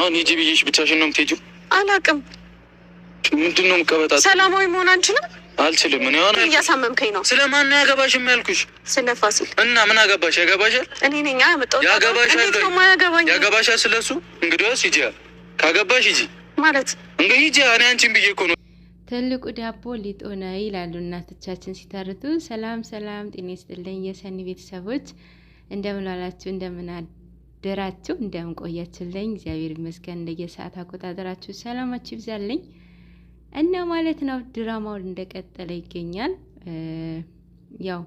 አሁን ሂጂ ብዬሽ ብቻሽን ነው የምትሄጂው? አላውቅም። ምንድን ነው የምቀበጣ? ሰላማዊ መሆን አንችልም? አልችልም። እኔ ሆነ እያሳመምከኝ ነው። ስለ ማን ያገባሽ የሚያልኩሽ? ያልኩሽ? ስለ ፋሲል እና ምን አገባሽ? ያገባሻል። እኔ ነኝ ያመጣሁት። ያገባሻል። ያገባኝ ያገባሻል። ስለ እሱ እንግዲያውስ ሂጂ። ካገባሽ ሂጂ ማለት እንግዲህ ሂጂ። እኔ አንቺን ብዬ እኮ ነው ትልቁ ዳቦ ሊጥ ሆነ ይላሉ እናቶቻችን ሲተርቱ። ሰላም ሰላም፣ ጤና ይስጥልኝ የሰኒ ቤተሰቦች እንደምን ዋላችሁ እንደምን ደራችሁ እንዲያም ቆያችሁልኝ። እግዚአብሔር ይመስገን። እንደየሰዓት አቆጣጠራችሁ ሰላማችሁ ይብዛልኝ እና ማለት ነው ድራማው እንደቀጠለ ይገኛል። ያው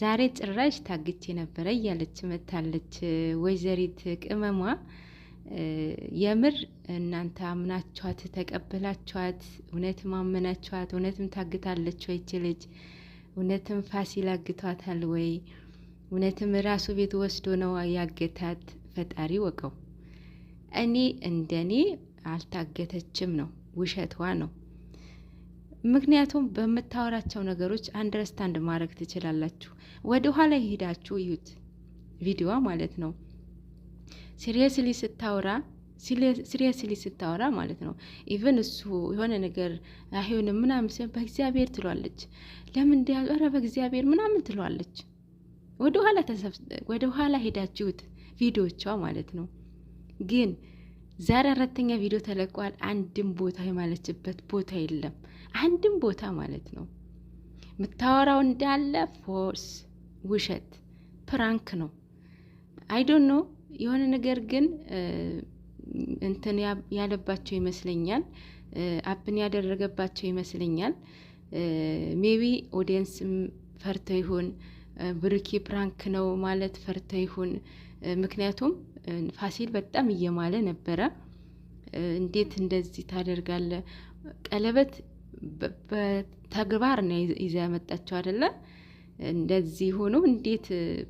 ዛሬ ጭራሽ ታግቼ ነበረ እያለች መታለች ወይዘሪት ቅመሟ። የምር እናንተ አምናችኋት ተቀበላችኋት? እውነትም አመናችኋት? እውነትም ታግታለች ወይ ይች ልጅ? እውነትም ፋሲል አግቷታል ወይ? እውነትም ራሱ ቤት ወስዶ ነው ያገታት? ፈጣሪ ወቀው። እኔ እንደኔ አልታገተችም ነው፣ ውሸትዋ ነው። ምክንያቱም በምታወራቸው ነገሮች አንደርስታንድ ማድረግ ትችላላችሁ። ወደ ኋላ ሄዳችሁ ይዩት፣ ቪዲዮዋ ማለት ነው። ሲሪየስሊ ስታወራ ሲሪየስሊ ስታወራ ማለት ነው። ኢቨን እሱ የሆነ ነገር አይሆንም ምናምን ሲሆን በእግዚአብሔር ትሏለች። ለምን እንዲያ ኧረ በእግዚአብሔር ምናምን ትሏለች። ወደ ኋላ ሄዳችሁት ቪዲዮቿ ማለት ነው። ግን ዛሬ አራተኛ ቪዲዮ ተለቋል። አንድም ቦታ የማለችበት ቦታ የለም። አንድም ቦታ ማለት ነው። የምታወራው እንዳለ ፎርስ፣ ውሸት፣ ፕራንክ ነው። አይዶኖ የሆነ ነገር ግን እንትን ያለባቸው ይመስለኛል። አፕን ያደረገባቸው ይመስለኛል። ሜቢ ኦዲየንስም ፈርተው ይሁን ብሩኬ ፕራንክ ነው ማለት ፈርተው ይሁን ምክንያቱም ፋሲል በጣም እየማለ ነበረ። እንዴት እንደዚህ ታደርጋለ? ቀለበት በተግባር ነው ይዘ ያመጣቸው አደለ? እንደዚህ ሆኖ እንዴት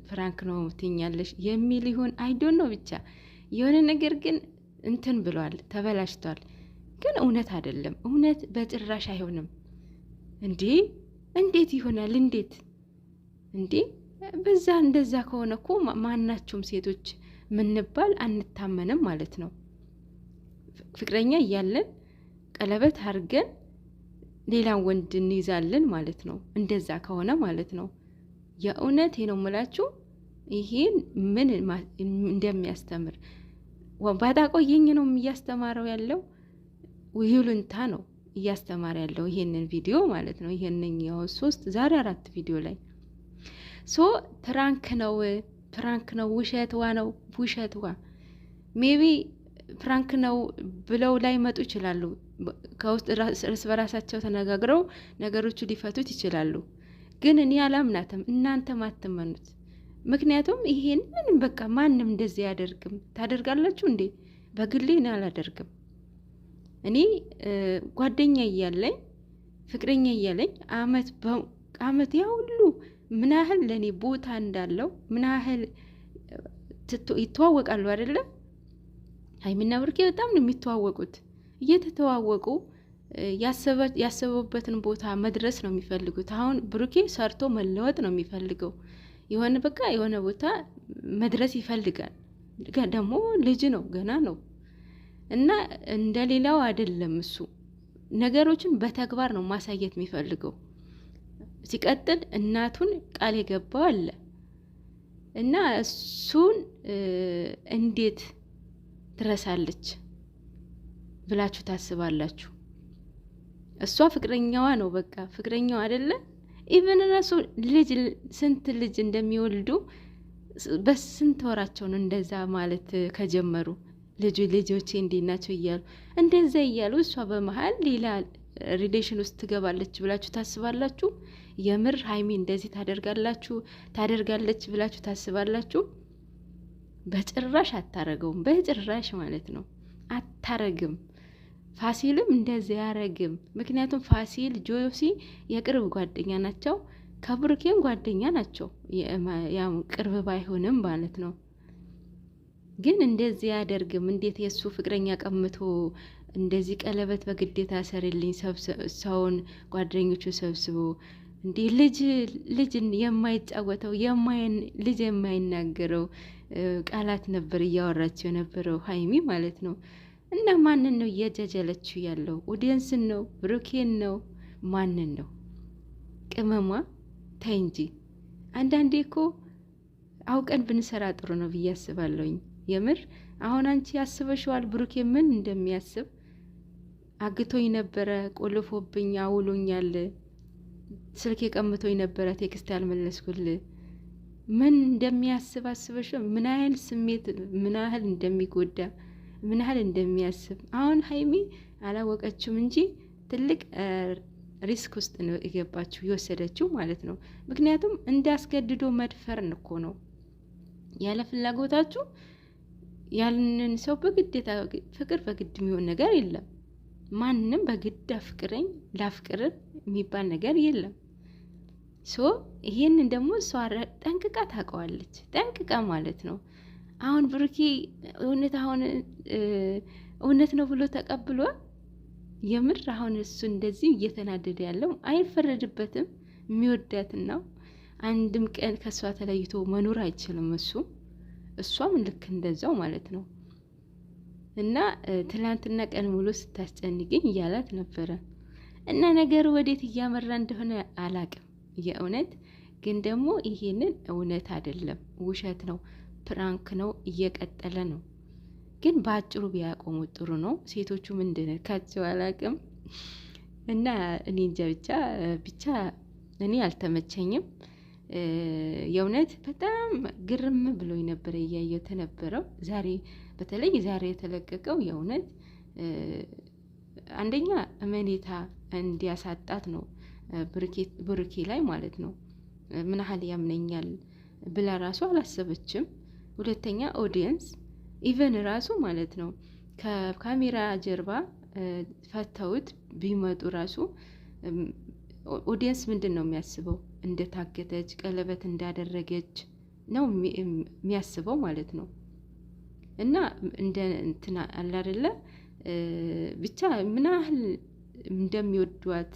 ፕራንክ ነው ትኛለሽ የሚል ይሆን አይዶን ነው ብቻ የሆነ ነገር ግን እንትን ብሏል፣ ተበላሽቷል። ግን እውነት አይደለም፣ እውነት በጭራሽ አይሆንም። እንዲህ እንዴት ይሆናል? እንዴት እንዲህ በዛ እንደዛ ከሆነ እኮ ማናቸውም ሴቶች ምንባል አንታመንም ማለት ነው። ፍቅረኛ እያለን ቀለበት አድርገን ሌላን ወንድ እንይዛለን ማለት ነው። እንደዛ ከሆነ ማለት ነው። የእውነቴ ነው የምላችሁ ይሄን ምን እንደሚያስተምር ባጣቆየኝ ነው እያስተማረው ያለው ይሉንታ ነው እያስተማረ ያለው ይሄንን ቪዲዮ ማለት ነው። ይሄንን ሶስት ዛሬ አራት ቪዲዮ ላይ ሶ ፕራንክ ነው ፕራንክ ነው ውሸትዋ ነው ውሸትዋ ሜቢ ፕራንክ ነው ብለው ላይ መጡ ይችላሉ። ከውስጥ እርስ በራሳቸው ተነጋግረው ነገሮቹ ሊፈቱት ይችላሉ። ግን እኔ አላምናትም፣ እናንተም አትመኑት። ምክንያቱም ይሄን ምንም በቃ ማንም እንደዚህ አያደርግም። ታደርጋላችሁ እንዴ? በግሌ እኔ አላደርግም። እኔ ጓደኛ እያለኝ ፍቅረኛ እያለኝ አመት አመት ያው ምን ያህል ለእኔ ቦታ እንዳለው ምን ያህል ይተዋወቃሉ አይደለም? ሀይሚና ብሩኬ በጣም ነው የሚተዋወቁት። እየተተዋወቁ ያሰቡበትን ቦታ መድረስ ነው የሚፈልጉት። አሁን ብሩኬ ሰርቶ መለወጥ ነው የሚፈልገው። የሆነ በቃ የሆነ ቦታ መድረስ ይፈልጋል። ደግሞ ልጅ ነው ገና ነው እና እንደሌላው አይደለም እሱ ነገሮችን በተግባር ነው ማሳየት የሚፈልገው። ሲቀጥል እናቱን ቃል የገባው አለ እና እሱን እንዴት ትረሳለች ብላችሁ ታስባላችሁ? እሷ ፍቅረኛዋ ነው፣ በቃ ፍቅረኛዋ አይደለ? ኢቨን እራሱ ልጅ ስንት ልጅ እንደሚወልዱ በስንት ወራቸው ነው እንደዛ ማለት ከጀመሩ ልጁ ልጆቼ እንዴት ናቸው እያሉ እንደዛ እያሉ እሷ በመሀል ሌላ ሪሌሽን ውስጥ ትገባለች ብላችሁ ታስባላችሁ? የምር ሀይሚ እንደዚህ ታደርጋላችሁ ታደርጋለች ብላችሁ ታስባላችሁ? በጭራሽ አታረገውም። በጭራሽ ማለት ነው አታረግም። ፋሲልም እንደዚህ አያረግም። ምክንያቱም ፋሲል ጆሲ የቅርብ ጓደኛ ናቸው፣ ከብሩኬም ጓደኛ ናቸው። ያው ቅርብ ባይሆንም ማለት ነው ግን እንደዚህ አያደርግም። እንዴት የእሱ ፍቅረኛ ቀምቶ እንደዚህ ቀለበት በግዴታ ሰርልኝ ሰውን ጓደኞቹ ሰብስቦ እንዲህ ልጅ ልጅ የማይጫወተው ልጅ የማይናገረው ቃላት ነበር እያወራቸው የነበረው ሀይሚ ማለት ነው። እና ማንን ነው እያጃጃለችው ያለው? ኦዲየንስን ነው? ብሩኬን ነው? ማንን ነው? ቅመሟ ታይንጂ እንጂ። አንዳንዴ እኮ አውቀን ብንሰራ ጥሩ ነው ብዬ አስባለሁኝ። የምር አሁን አንቺ አስበሽዋል ብሩኬ ምን እንደሚያስብ አግቶኝ ነበረ፣ ቆልፎብኝ አውሎኛል፣ ስልክ የቀምቶኝ ነበረ፣ ቴክስት ያልመለስኩል ምን እንደሚያስብ አስበሽ ምን ያህል ስሜት ምን ያህል እንደሚጎዳ ምን ያህል እንደሚያስብ አሁን ሀይሚ አላወቀችም እንጂ ትልቅ ሪስክ ውስጥ ነው የገባችው የወሰደችው ማለት ነው። ምክንያቱም እንዳስገድዶ መድፈር እኮ ነው። ያለ ፍላጎታችሁ ያንን ሰው በግዴታ ፍቅር በግድ የሚሆን ነገር የለም። ማንም በግድ አፍቅረኝ ላፍቅርን የሚባል ነገር የለም። ሶ ይህንን ደግሞ እሷ ጠንቅቃ ታውቀዋለች። ጠንቅቃ ማለት ነው። አሁን ብሩኬ እውነት አሁን እውነት ነው ብሎ ተቀብሎ የምር አሁን እሱ እንደዚህ እየተናደደ ያለው አይፈረድበትም። የሚወዳትን ነው። አንድም ቀን ከእሷ ተለይቶ መኖር አይችልም። እሱ እሷም ልክ እንደዛው ማለት ነው። እና ትላንትና ቀን ሙሉ ስታስጨንቅኝ እያላት ነበረ። እና ነገሩ ወዴት እያመራ እንደሆነ አላቅም። የእውነት ግን ደግሞ ይሄንን እውነት አይደለም፣ ውሸት ነው፣ ፕራንክ ነው፣ እየቀጠለ ነው። ግን በአጭሩ ቢያቆሙት ጥሩ ነው። ሴቶቹ ካቸው አላቅም። እና እኔ እንጃ ብቻ ብቻ እኔ አልተመቸኝም። የእውነት በጣም ግርም ብሎ ነበረ እያየው ተነበረው። ዛሬ በተለይ ዛሬ የተለቀቀው የእውነት አንደኛ እመኔታ እንዲያሳጣት ነው ብሩኬ ላይ ማለት ነው። ምን ያህል ያምነኛል ብላ ራሱ አላሰበችም። ሁለተኛ ኦዲየንስ ኢቨን ራሱ ማለት ነው ከካሜራ ጀርባ ፈተውት ቢመጡ ራሱ ኦዲየንስ ምንድን ነው የሚያስበው? እንደታገተች ቀለበት እንዳደረገች ነው የሚያስበው ማለት ነው። እና እንደ እንትና ብቻ ምን ያህል እንደሚወዷት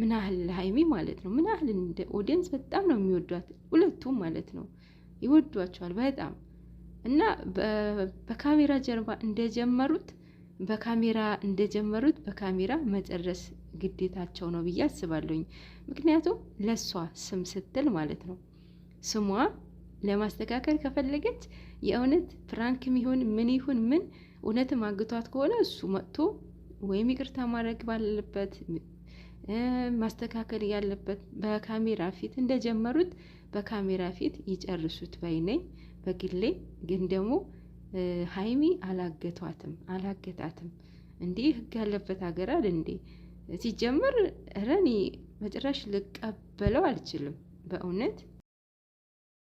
ምን ያህል ሀይሚ ማለት ነው ምን ያህል ኦዲየንስ በጣም ነው የሚወዷት ሁለቱም ማለት ነው ይወዷቸዋል በጣም እና በካሜራ ጀርባ እንደጀመሩት በካሜራ እንደጀመሩት በካሜራ መጨረስ ግዴታቸው ነው ብዬ አስባለሁኝ። ምክንያቱም ለእሷ ስም ስትል ማለት ነው ስሟ ለማስተካከል ከፈለገች የእውነት ፍራንክም ይሁን ምን ይሁን ምን እውነትም አግቷት ከሆነ እሱ መጥቶ ወይም ይቅርታ ማድረግ ባለበት ማስተካከል ያለበት በካሜራ ፊት እንደጀመሩት በካሜራ ፊት ይጨርሱት ባይነኝ። በግሌ ግን ደግሞ ሀይሚ አላገቷትም አላገታትም። እንዲህ ህግ ያለበት ሀገር እንዴ? ሲጀመር ረኔ በጭራሽ ልቀበለው አልችልም በእውነት